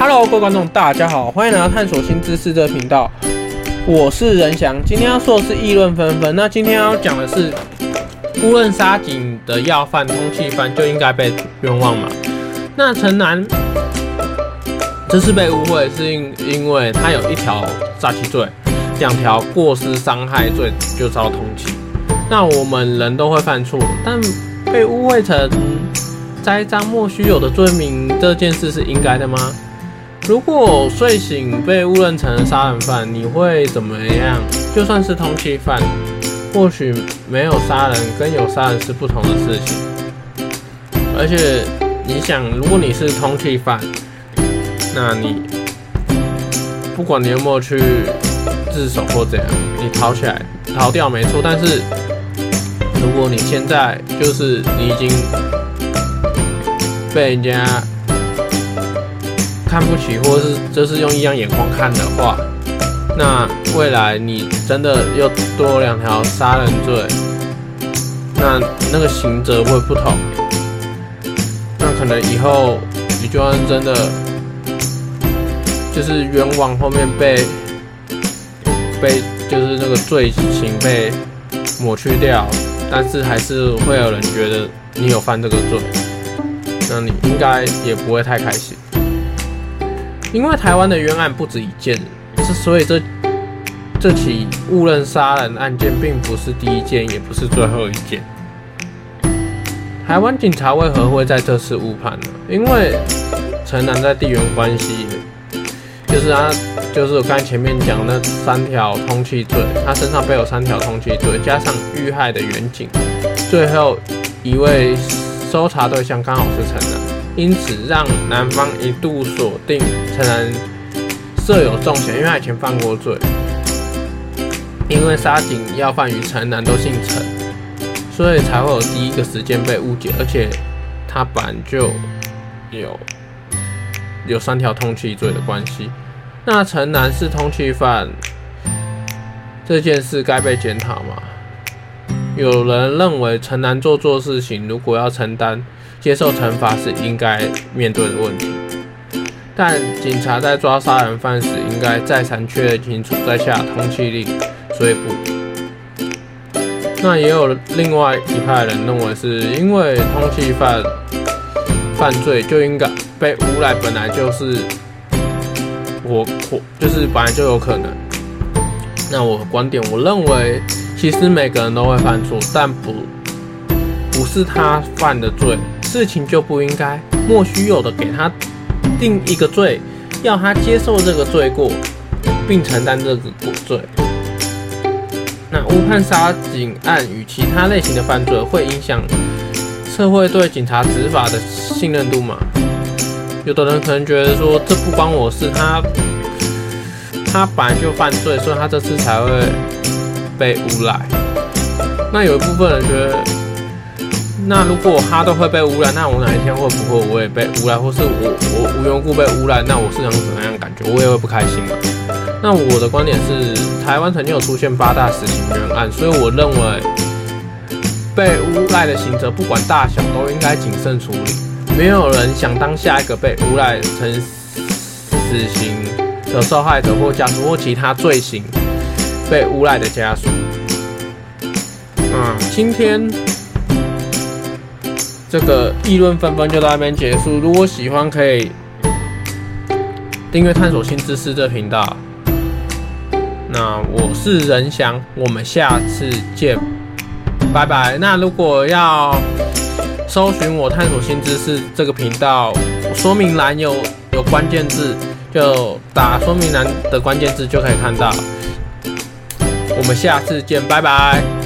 Hello，各位觀眾，大家好，歡迎來到探索新知識這頻道，我是仁翔。今天要說的是議論紛紛，那今天要講的是，誤認殺警的要犯通緝犯就應該被冤枉嘛？那陳南這是被誤會，是因因為他有一條詐欺罪，兩條過失傷害罪就遭、是、通緝。那我們人都會犯錯，但被誤會成栽贓莫須有的罪名，這件事是應該的嗎？如果睡醒被誤認成了殺人犯，你會怎麼樣？就算是通緝犯，或許沒有殺人跟有殺人是不同的事情。而且，你想，如果你是通緝犯，那你不管你有沒有去自首或怎樣，你逃起來逃掉沒錯。但是，如果你現在就是你已經被人家。看不起，或者是就是用異樣眼光看的話，那未來你真的又多兩條殺人罪，那那個刑責會不同。那可能以後你就算真的就是冤枉，後面被被就是那個罪行被抹去掉，但是還是會有人覺得你有犯這個罪，那你應該也不會太開心。因為台灣的冤案不止一件，是所以這這起誤認殺人案件並不是第一件，也不是最後一件，台灣警察為何會在這次誤判呢？因為陳南在地緣關係，就是他，就是我剛才前面講那三條通緝罪，他身上背有三條通緝罪，加上遇害的員警，最後一位搜查對象剛好是陳南。因此，讓警方一度鎖定陳男涉有重嫌，因為他以前犯過罪。因為殺警要犯與陳男都姓陳，所以才會有第一個時間被誤解，而且他本就有有三條通緝罪的關係。那陳男是通緝犯，這件事該被檢討嗎？有人認為陳男做錯事情，如果要承擔。接受懲罰是應該面對的問題，但警察在抓殺人犯時，應該再三確認清楚，再下通緝令，所以不，那也有另外一派人認為，是因為通緝犯犯罪就應該被誣賴，本來就是我我就是本來就有可能。那我的觀點，我認為其實每個人都會犯錯，但不不是他犯的罪。事情就不應該莫須有的給他定一個罪，要他接受這個罪過，並承擔這個罪。那誤判殺警案與其他類型的犯罪會影響社會對警察執法的信任度嗎？有的人可能覺得說這不關我事，他他本來就犯罪，所以他這次才會被誣賴。那有一部分人覺得。那如果他都會被誣賴，那我哪一天會不會我也被誣賴？或是我我，我無緣故被誣賴，那我是怎怎樣的感覺？我也會不開心嘛？那我的觀點是，台灣曾經有出現八大死刑冤案，所以我認為被誣賴的行者，不管大小，都應該謹慎處理。沒有人想當下一個被誣賴成死刑的受害者或家屬，或其他罪行被誣賴的家屬。嗯，今天。這個議論紛紛就到這邊結束。如果喜歡，可以訂閱“探索新知識”這頻道。那我是仁翔，我們下次見，拜拜。那如果要搜尋我“探索新知識”這個頻道，說明欄有有關鍵字，就打說明欄的關鍵字就可以看到。我們下次見，拜拜。